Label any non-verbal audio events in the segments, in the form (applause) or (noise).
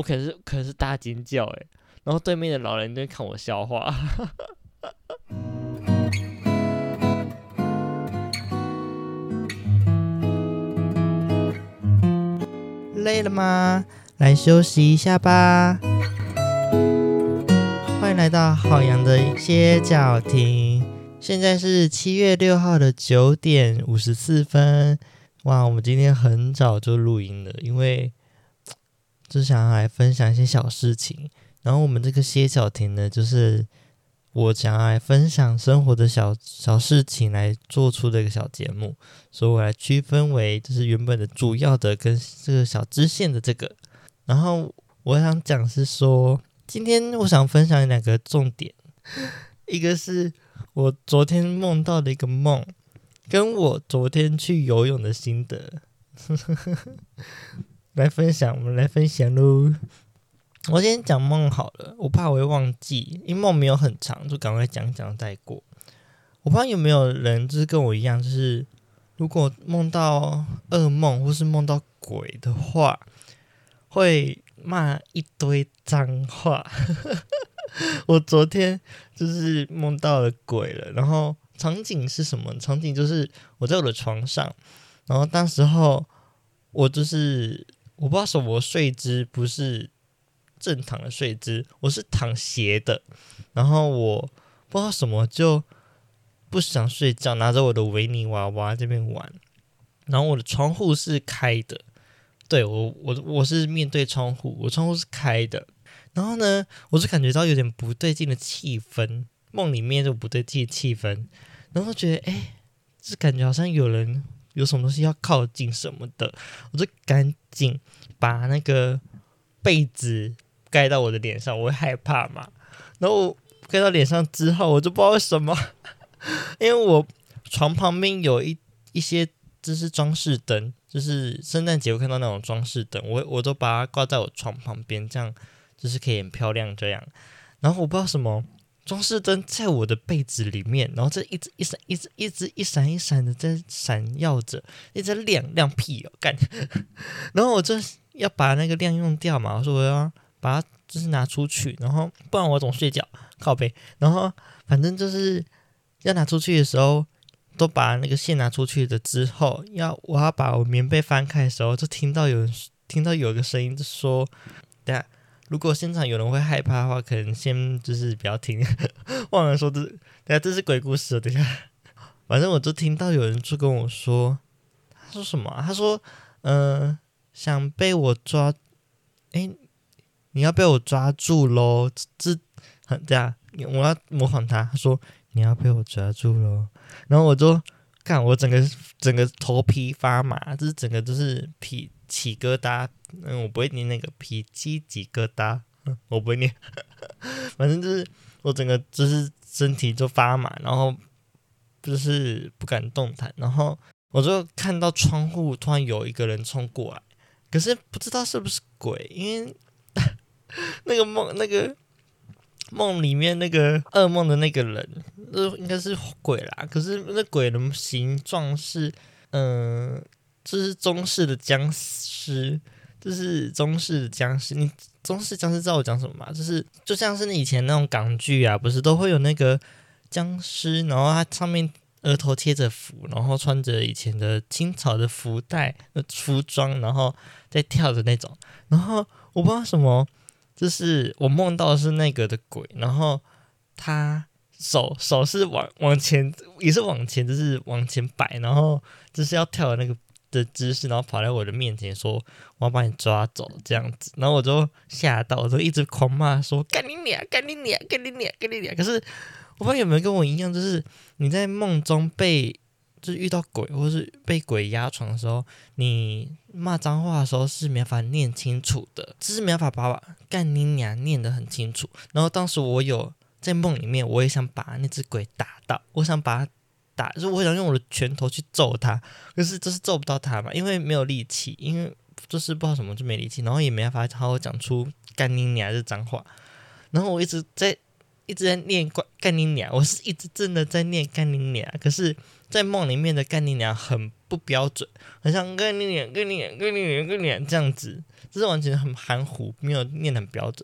我可是可是大尖叫哎、欸，然後對面的老人在看我笑話。 (laughs) 累了嗎？來休息一下吧。歡迎來到好羊的歇腳亭，現在是七月六號的九點五十四分。哇，我們今天很早就錄音了，因為。就想要來分享一些小事情，然後我們這個歇小亭呢，就是我想要來分享生活的小小事情來做出這個小節目，所以我來區分為就是原本的主要的跟這個小支線的這個。然後我想講是說，今天我想分享兩個重點，一個是我昨天夢到的一個夢，跟我昨天去游泳的心得。 (laughs) 來分享，我們來分享嘍。我今天講夢好了，我怕我會忘記，因為夢沒有很長，就趕快講講帶過。我不知道有沒有人就是跟我一樣，就是如果夢到噩夢或是夢到鬼的話，會罵一堆髒話。 (laughs) 我昨天就是夢到了鬼了，然後場景是什麼？場景就是我在我的床上，然後當時候我就是。我不知道什麼睡姿，不是正躺的睡姿，我是躺斜的。然後我不知道什麼就不想睡覺，拿着我的維尼娃娃這邊玩。然後我的窗戶是開的，對，我我我是面對窗戶，我窗戶是開的。然後呢，我就感覺到有點不對勁的氣氛，夢裡面就不對勁的氣氛。然後覺得誒，就感覺好像有人。有什麼東西要靠近什麼的，我就趕緊把那個被子蓋到我的臉上，我會害怕嘛。然後我蓋到臉上之後，我就不知道為什麼，因為我床旁邊有一一些就是裝飾燈，就是聖誕節我看到那種裝飾燈，我我都把它掛在我床旁邊，這樣就是可以很漂亮這樣。然後我不知道什麼。裝飾燈在我的被子裡面，然後這一直一閃，一直一直一閃一閃的在閃耀着，一直亮亮屁哦幹！ (laughs) 然後我就要把那個亮用掉嘛，我說我要把它就是拿出去，然後不然我總睡覺靠背，然後反正就是要拿出去的時候，都把那個線拿出去的，之後，要我要把我棉被翻開的時候，就聽到有人聽到有一個聲音就說：“等下。”如果現場有人會害怕的話，可能先就是不要聽，呵呵忘了說這是，哎，這是鬼故事，等下，反正我就聽到有人就跟我說，他說什麼、啊？他說，嗯、呃，想被我抓，哎、欸，你要被我抓住咯，這，這等下我要模仿他，他說你要被我抓住咯，然後我就看我整個整個頭皮發麻，就是整個就是皮起疙瘩。嗯，我不會念那個皮雞幾個噠。我不會念呵呵。反正就是我整個就是身體就發麻，然後就是不敢動彈。然後我就看到窗戶突然有一個人衝過來，可是不知道是不是鬼，因為那個夢那個夢裡面那個噩夢的那個人，那應該是鬼啦。可是那鬼的形狀是，嗯、呃，就是中式的殭屍。就是中式僵屍，你中式僵屍知道我講什麼嗎？就是就像是你以前那種港劇啊，不是都會有那個僵屍，然後它上面額頭貼着符，然後穿着以前的清朝的服帶、服裝，然後在跳的那種。然後我不知道什麼，就是我夢到的是那個的鬼，然後他手手是往往前，也是往前，就是往前擺，然後就是要跳的那個的姿勢，然後跑在我的面前說：“我要把你抓走。”這樣子，然後我就嚇到，我就一直狂罵說：“幹你娘！幹你娘！干你娘！幹你娘！”可是，我不知道有沒有跟我一樣，就是你在夢中被就是遇到鬼，或是被鬼壓床的時候，你罵髒話的時候是沒法念清楚的，就是沒法把“幹你娘”念得很清楚。然後當時我有在夢裡面，我也想把那隻鬼打到，我想把就是我想用我的拳頭去揍他，可是就是揍不到他嘛，因為沒有力氣，因為就是不知道什麼就沒力氣，然後也沒辦法好好講出“幹你娘”這髒話，然後我一直在一直在念“幹幹你娘”，我是一直真的在念“幹你娘”，可是在夢裡面的“幹你娘”很不標準，很像幹你娘“幹你娘幹你娘幹你娘幹你娘”這樣子，就是完全很含糊，沒有念的很標準。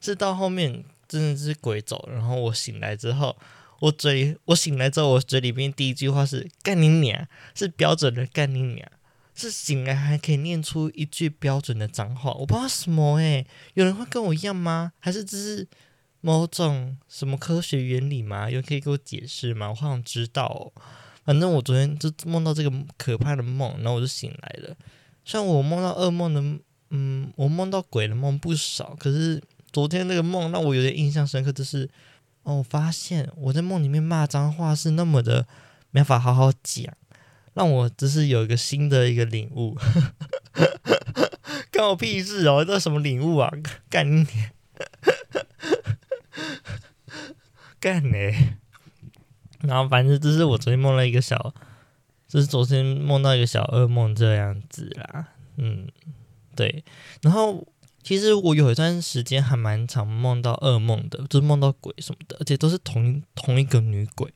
是到後面真的是鬼走，然後我醒來之後。我嘴，我醒來之後，我嘴裡面第一句話是“幹你娘”，是標準的“幹你娘”，是醒來還可以念出一句標準的髒話。我不知道什麼誒、欸，有人會跟我一樣嗎？還是只是某種什麼科學原理嗎？有人可以給我解釋嗎？我好像知道、喔，反正我昨天就夢到這個可怕的夢，然後我就醒來了。像我夢到噩夢的，嗯，我夢到鬼的夢不少，可是昨天那個夢讓我有點印象深刻，就是。我、哦、發現我在夢裡面罵髒話是那麼的沒法好好講，讓我只是有一個新的一個領悟， (laughs) 干我屁事哦！這什麼領悟啊？幹你 (laughs) 幹你、欸！然後反正就是我昨天夢了一個小，就是昨天夢到一個小噩夢這樣子啦。嗯，對，然後。其實我有一段時間還蠻常夢到噩夢的，就是夢到鬼什麼的，而且都是同同一個女鬼。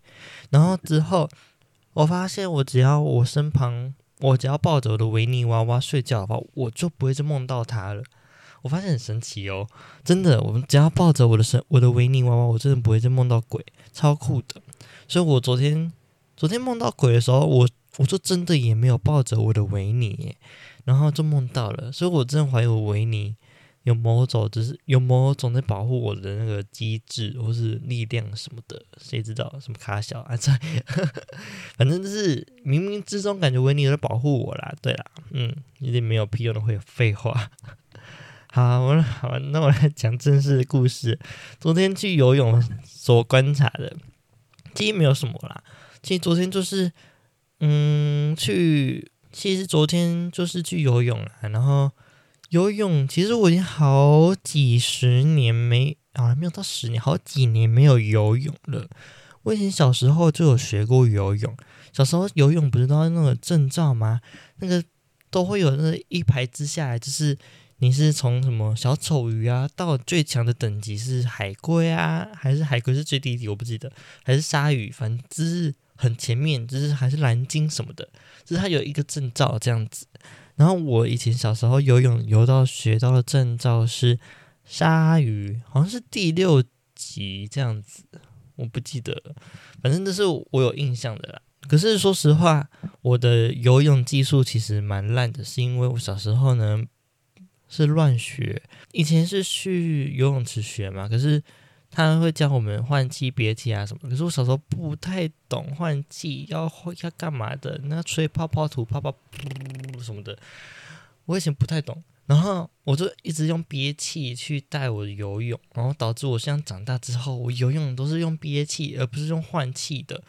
然後之後我發現，我只要我身旁，我只要抱着我的維尼娃娃睡覺的話，我就不會再夢到她了。我發現很神奇哦，真的，我們只要抱着我的身，我的維尼娃娃，我真的不會再夢到鬼，超酷的。所以我昨天昨天夢到鬼的時候，我我就真的也沒有抱着我的維尼，然後就夢到了。所以我真的懷疑我維尼有某種，只、就是有某種在保護我的那個機制，或是力量什麼的，誰知道？什麼卡小啊？這反正就是冥冥之中感覺維尼有在保護我啦。對啦，嗯，一定沒有屁用的，會有廢話。好，我好，那我來講正式的故事。昨天去游泳所觀察的，其實沒有什麼啦。其實昨天就是，嗯，去其實昨天就是去游泳啦，然後。游泳其實我已經好幾十年沒啊，沒有到十年，好幾年沒有游泳了。我以前小時候就有學過游泳。小時候游泳不是都要那個證照嗎？那個都會有那一排之下來，就是你是從什麼小丑魚啊，到最強的等級是海龜啊，還是海龜是最低級？我不記得，還是鯊魚，反正就是很前面，就是還是藍鯨什麼的，就是它有一個證照這樣子。然後我以前小時候游泳游到學到的證照是鯊魚，好像是第六級這樣子，我不記得了。反正就是我有印象的啦。可是說實話，我的游泳技術其實蠻爛的，是因為我小時候呢是亂學，以前是去游泳池學嘛，可是。他會教我們換氣、憋氣啊什麼。可是我小時候不太懂換氣要要幹嘛的，那吹泡泡、吐泡泡，泡，泡噗、什麼的，我以前不太懂。然後我就一直用憋氣去帶我游泳，然後導致我現在長大之後，我游泳都是用憋氣而不是用換氣的。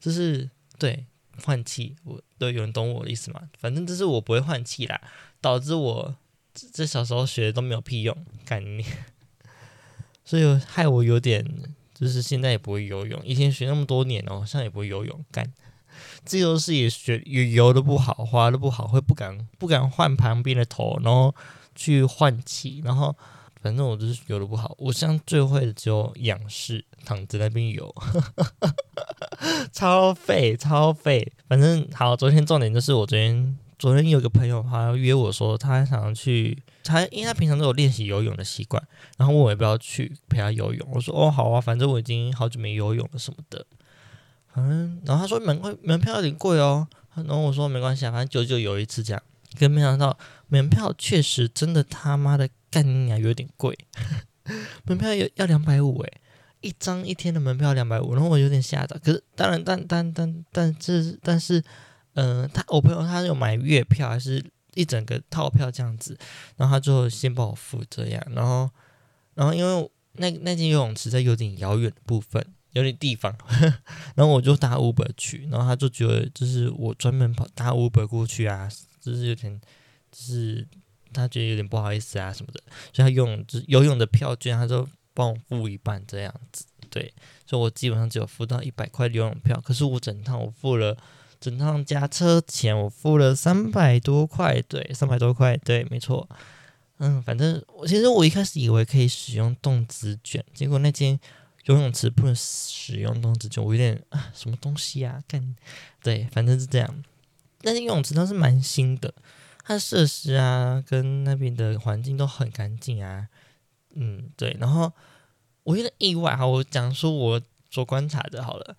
就是對換氣，我對有人懂我的意思嗎？反正這是我不會換氣啦，導致我這小時候學的都沒有屁用，概念。所以害我有點，就是現在也不會游泳。以前學那麼多年哦，現在也不會游泳。幹，自由式也學也游的不好，划的不好，會不敢不敢換旁邊的頭，然後去換氣，然後反正我就是游的不好。我像最會的只有仰式，躺在那邊游，呵呵超廢超廢。反正好，昨天重點就是我昨天。昨天有個朋友他約我說他還想要去，他因為他平常都有練習游泳的習慣，然後問我要不要去陪他游泳。我說哦好啊，反正我已經好久沒游泳了什麼的。嗯，然後他說門會門票有點貴哦。然後我說沒關係啊，反正久久游一次這樣。可沒想到門票確實真的他媽的幹你娘，有點貴， (laughs) 門票要要兩百五誒，一張一天的門票兩百五，然後我有點嚇到。可是當然，但但但但這但是。嗯、呃，他我朋友他有買月票，還是一整個套票這樣子，然後他就先幫我付這樣，然後，然後因為那那間游泳池在有點遙遠的部分，有點地方，呵呵然後我就打 Uber 去，然後他就覺得就是我專門跑打 Uber 過去啊，就是有點，就是他覺得有點不好意思啊什麼的，所以他用就是、游泳的票券，他就幫我付一半這樣子，對，所以我基本上只有付到一百塊的游泳票，可是我整趟我付了。整趟加車錢我付了三百多塊，對，三百多塊，對，沒錯。嗯，反正我其實我一開始以為可以使用動滋券，結果那間游泳池不能使用動滋券，我有點啊，什麼東西呀、啊？幹對，反正是這樣。那間游泳池倒是蠻新的，它的設施啊跟那邊的環境都很乾淨啊。嗯，對。然後我有點意外哈、啊，我講說我所觀察的，好了。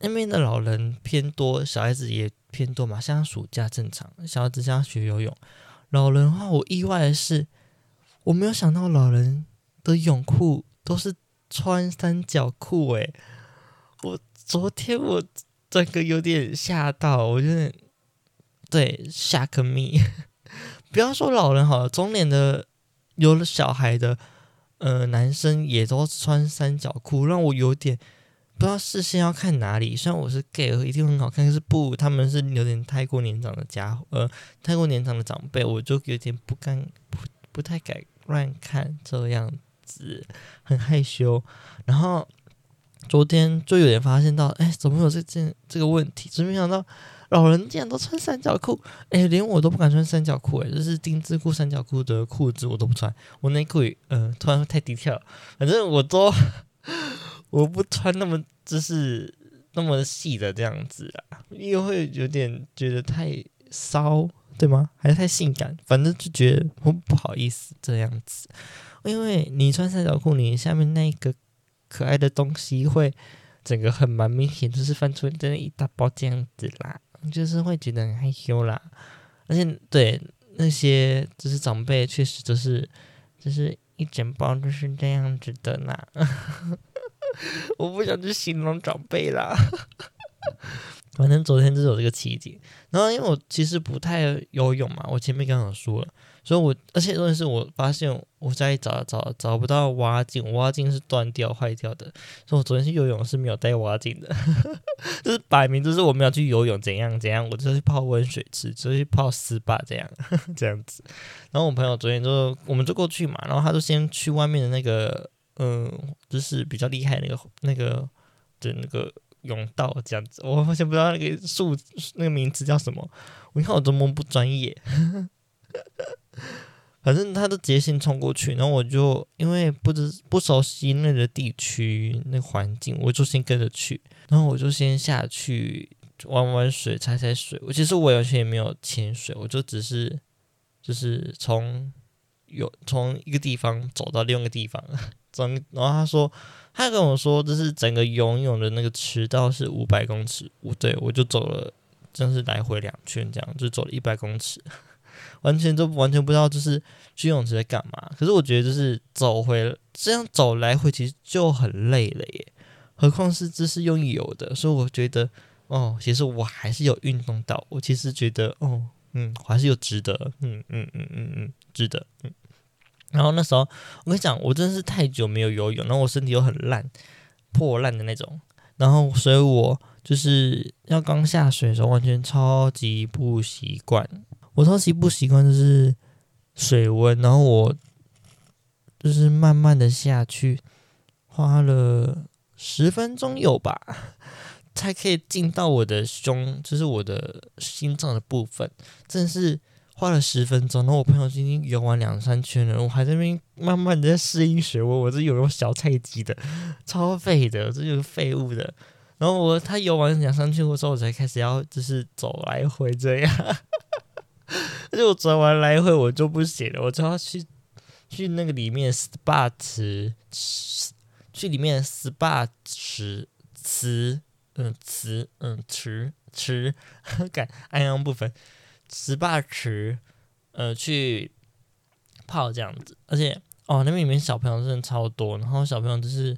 那邊的老人偏多，小孩子也偏多嘛。像暑假正常，小孩子想學游泳。老人話，我意外的是，我沒有想到老人的泳褲都是穿三角褲。誒，我昨天我整個有點嚇到，我覺得對 shock me。 (laughs) 不要說老人好了，中年的有了小孩的，呃，男生也都穿三角褲，讓我有點。不知道視線要看哪裡，雖然我是 gay，一定很好看，是不？他們是有點太過年長的家伙，呃，太過年長的長輩，我就有點不敢，不不太敢亂看這樣子，很害羞。然後昨天就有點發現到，哎、欸，怎麼有這件這個問題？真沒想到，老人竟然都穿三角褲，哎、欸，連我都不敢穿三角褲，哎，就是丁字褲、三角褲的褲子我都不穿，我內褲，嗯、呃，突然太低調，反正我都。 (laughs) 我不穿那麼就是那麼細的這樣子啊，又會有點覺得太騷，對嗎？還是太性感？反正就覺得我不好意思這樣子，因為你穿三角褲，你下面那個可愛的東西會整個很蠻明顯，就是翻出真一大包這樣子啦，就是會覺得很害羞啦。而且對那些就是長輩，確實就是就是一整包就是這樣子的啦。 (laughs) 我不想去形容長輩啦。 (laughs) 反正昨天就是有這個奇景，然後因為我其實不太游泳嘛，我前面剛好說了，所以我而且問題是我發現我家裡找了找了找不到蛙鏡，蛙鏡是斷掉壞掉的，所以我昨天去游泳是沒有帶蛙鏡的， (laughs) 就是擺明就是我沒有去游泳，怎樣怎樣，我就是泡溫水池，就是泡 SPA 這樣這樣子。然後我朋友昨天就我們就過去嘛，然後他就先去外面的那個。嗯，就是比較厲害那個那個，的那個那個、泳道這樣子。我完全不知道那個數那個名字叫什麼，我看我多麼不專業。 (laughs) 反正他都直接先衝過去，然後我就因為不知不熟悉那個地區那個環境，我就先跟着去。然後我就先下去玩玩水，踩踩水。我其實我完全也沒有潛水，我就只是就是從有從一個地方走到另一個地方。然後他說，他跟我說，就是整個游泳的那個池道是五百公尺，我對，我就走了，就是來回兩圈，這樣就走了一百公尺，完全都完全不知道就是去泳池在幹嘛。可是我覺得就是走回這樣走來回其實就很累了耶，何況是這是用游的，所以我覺得哦，其實我還是有運動到，我其實覺得哦，嗯，我還是有值得，嗯嗯嗯嗯嗯，值得，嗯。然後那時候，我跟你講，我真的是太久沒有游泳，然後我身體又很爛，破爛的那種。然後，所以我就是要剛下水的時候，完全超級不習慣。我超級不習慣就是水溫，然後我就是慢慢的下去，花了十分鐘有吧，才可以進到我的胸，就是我的心臟的部分，真的是。花了十分鐘，然後我朋友已經游完兩三圈了，我還在那邊慢慢的適應水溫，我這有游泳小菜雞的，超廢的，這就是廢物的。然後我他游完兩三圈之後，我才開始要就是走來回這樣。就 (laughs) 我走完來回我就不行了，我就要去去那個裡面 SPA 池，池去裡面 SPA 池池，嗯池嗯池池，敢安陽不分。SPA 池，呃，去泡這樣子，而且哦，那邊裡面小朋友真的超多，然後小朋友就是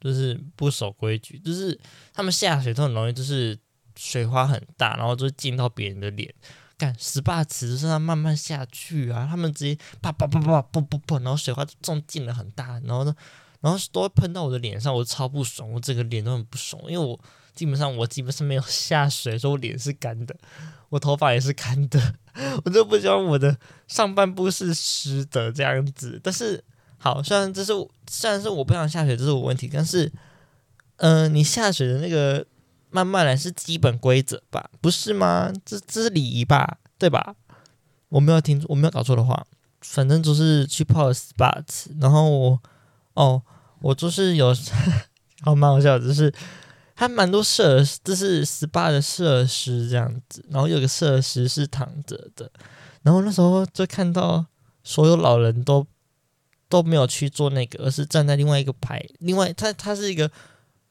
就是不守規矩，就是他們下水都很容易，就是水花很大，然後就濺到別人的臉。看 SPA 池就是它慢慢下去啊，他們直接啪啪啪啪啪啪啪，啪，然後水花就重濺了很大，然後呢，然後都會噴到我的臉上，我超不爽，我整個臉都很不爽，因為我。基本上我基本上沒有下水，所以我臉是乾的，我頭髮也是乾的，我就不希望我的上半部是濕的這樣子。但是好，雖然這是雖然是我不想下水，這是我問題，但是嗯、呃，你下水的那個慢慢來是基本規則吧，不是嗎？這這是禮儀吧，對吧？我沒有聽我沒有搞錯的話，反正就是去泡個 SPA 然後我哦，我就是有呵呵、哦、好蠻好笑，就是。還蠻多設施，這是 SPA 的設施這樣子，然後有一個設施是躺着的，然後那時候就看到所有老人都都沒有去做那個，而是站在另外一個排，另外他他是一個，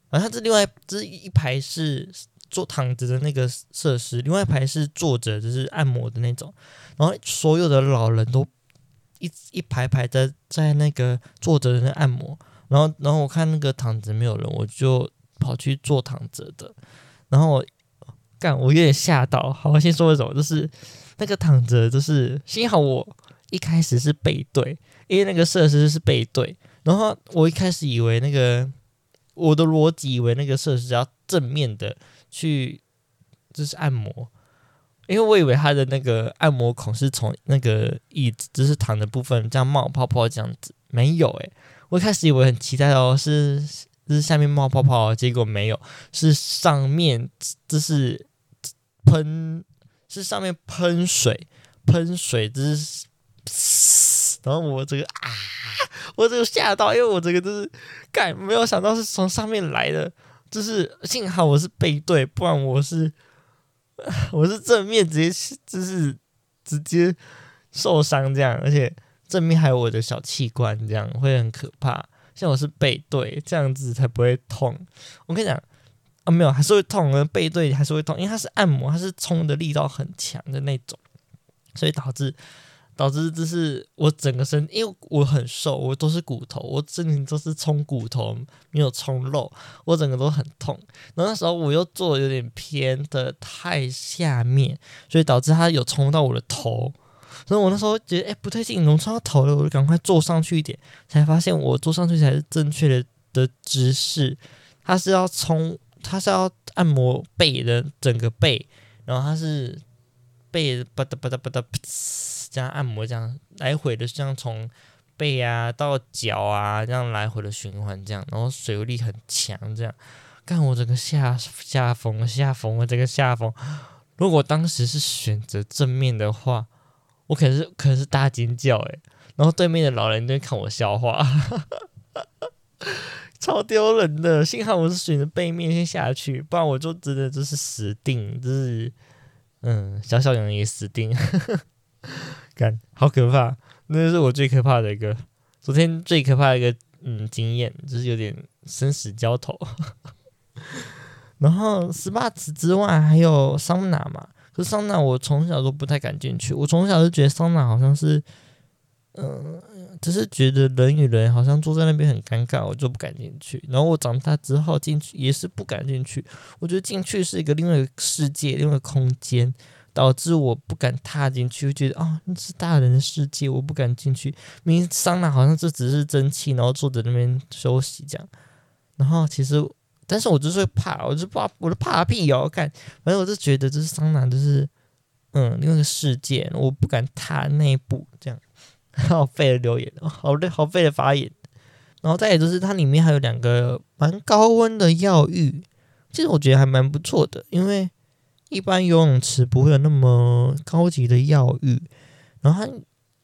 啊他這另外這一,一排是坐躺着的那個設施，另外一排是坐着就是按摩的那種，然後所有的老人都一一排排在在那個坐着的那按摩，然後然後我看那個躺着沒有人，我就。跑去坐躺着的，然後幹，我有點嚇到。好，我先說一種，就是那個躺着，就是幸好我一開始是背對，因為那個設施是背對。然後我一開始以為那個我的邏輯以為那個設施要正面的去，就是按摩，因為我以為他的那個按摩孔是從那個椅子，就是躺的部分這樣冒泡泡泡這樣子。沒有，欸，誒，我一開始以為很期待哦，是。是下面冒泡泡，結果沒有，是上面，就是這噴，是上面噴水，噴水，就是，然後我這個啊，我這個嚇到，因為我這個就是，幹，沒有想到是從上面來的，就是幸好我是背對，不然我是，我是正面直接，就是直接受傷這樣，而且正面還有我的小器官，這樣會很可怕。像我是背對這樣子才不會痛。我跟你講啊，沒有還是會痛，背對還是會痛，因為它是按摩，它是衝的力道很強的那種，所以導致導致就是我整個身，因為我很瘦，我都是骨頭，我之前都是衝骨頭，沒有衝肉，我整個都很痛。然後那時候我又坐有點偏的太下面，所以導致它有衝到我的頭。所以我那時候覺得哎、欸、不對勁，龍超要頭了，我就趕快坐上去一點，才發現我坐上去才是正確的的姿勢。他是要衝，他是要按摩背的整個背，然後他是背噠巴噠巴噠，這樣按摩這樣來回的這樣從背啊到腳啊這樣來回的循環這樣，然後水力很強這樣。看我整個下下風下風我整、這個下風，如果當時是選擇正面的話。我可能是可能是大尖叫誒、欸，然後對面的老人都在看我笑話呵呵，超丟人的。幸好我是選擇背面先下去，不然我就真的就是死定，就是嗯，小小人也死定。幹好可怕！那是我最可怕的一個，昨天最可怕的一個嗯經驗，就是有點生死交頭呵呵。然後 SPA 池之外還有桑拿嘛。桑拿，S S onna, 我從小都不太敢進去，我從小就覺得桑拿好像是，嗯、呃，只是覺得人與人好像坐在那邊很尷尬，我就不敢進去。然後我長大之後進去也是不敢進去，我覺得進去是一個另外一個世界、另外一個空間，導致我不敢踏進去，覺得啊、哦、那是大人的世界，我不敢進去。明明桑拿好像就只是蒸汽，然後坐在那邊休息這樣。然後其實。但是我就是怕，我就怕，我就怕屁哦！看，反正我就覺得這是桑拿，就是、就是、嗯，因為個世界，我不敢踏那一步，這樣好廢的留言，好累，好廢的發言。然後再也就是它裡面還有兩個蠻高溫的藥浴，其實我覺得還蠻不錯的，因為一般游泳池不會有那麼高級的藥浴，然後它。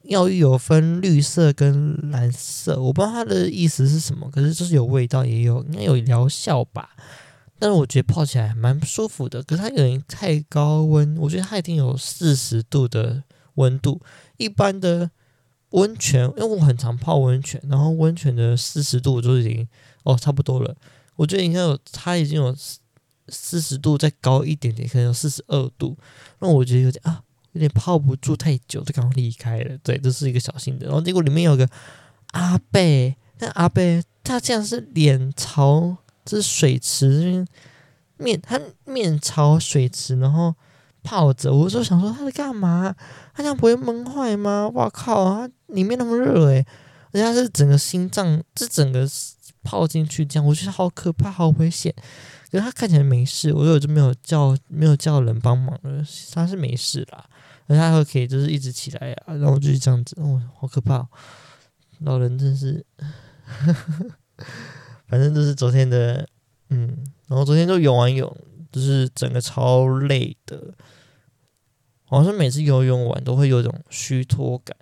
藥浴有分綠色跟藍色，我不知道它的意思是什麼，可是就是有味道也有，應該有療效吧。但是我覺得泡起來蠻舒服的，可是它有點太高溫，我覺得它一定有四十度的溫度，一般的溫泉，因為我很常泡溫泉，然後溫泉的四十度就已經哦差不多了。我覺得應該有它已經有四十度再高一點點，可能有四十二度，那我覺得有點啊。有點泡不住太久，就剛離開了。對，這是一個小型的。然後結果裡面有個阿伯，那阿伯他竟然這樣是臉朝，這是水池面，他面朝水池，然後泡着。我就想說他在幹嘛？他這樣不會悶壞嗎？哇靠啊！他裡面那麼熱誒、欸，人家是整個心臟，這整個泡進去這樣，我覺得好可怕，好危險。可是他看起來沒事，我就就沒有叫，沒有叫人幫忙了。他是沒事啦。然後還可以，就是一直起來啊，然後就是這樣子，哦，好可怕、哦！老人真是呵呵，反正就是昨天的，嗯，然後昨天就游完泳，就是整個超累的，好像每次游泳完都會有一種虛脫感，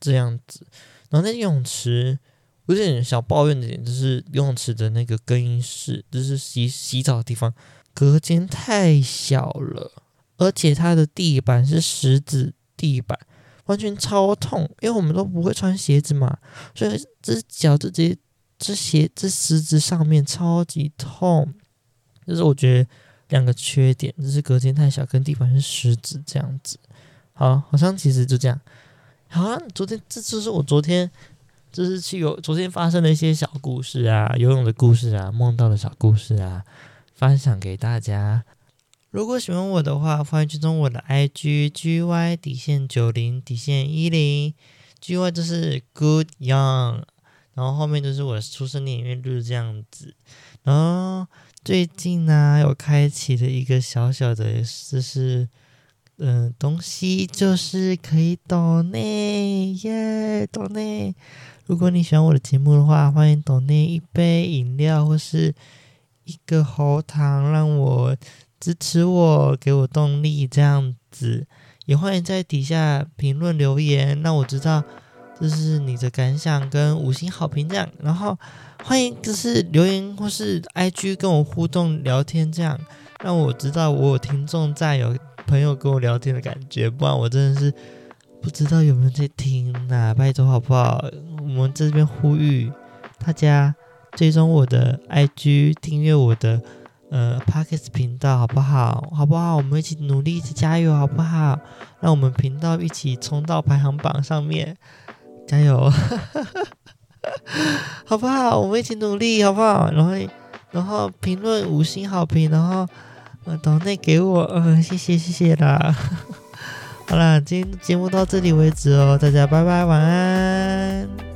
這樣子。然後那游泳池，我有點小抱怨的點就是游泳池的那個更衣室，就是洗洗澡的地方，隔間太小了。而且它的地板是石子地板，完全超痛，因為我們都不會穿鞋子嘛，所以這腳直接這鞋這石子上面超級痛，就是我覺得兩個缺點，就是隔間太小跟地板是石子這樣子。好，好像其實就這樣。好、啊，昨天這就是我昨天，就是去游昨天發生的一些小故事啊，游泳的故事啊，夢到的小故事啊，分享給大家。如果喜歡我的話，歡迎追蹤我的 IG，GY 底線九零底線一零 G Y 就是 Good Young，然後後面就是我的出生年月日這樣子。然後最近呢、啊，有開啟的一個小小的，就是嗯、呃、東西，就是可以 Donate 耶 Donate。如果你喜歡我的節目的話，歡迎 Donate 一杯飲料或是一個喉糖，讓我。支持我，給我動力，這樣子。也歡迎在底下評論留言，讓我知道這是你的感想跟五星好評這樣。然後歡迎就是留言或是 IG 跟我互動聊天，這樣讓我知道我有聽眾在，有朋友跟我聊天的感覺，不然我真的是不知道有沒有在聽吶、啊，拜托好不好？我們在這邊呼籲大家追蹤我的 IG，訂閱我的。呃，Pockets 頻道好不好？好不好？我們一起努力，一起加油，好不好？讓我們頻道一起衝到排行榜上面，加油， (laughs) 好不好？我們一起努力，好不好？然後，然後評論五星好評，然後呃，抖內給我，呃，謝謝，謝謝啦。 (laughs) 好啦，今天節目到這裡為止哦，大家拜拜，晚安。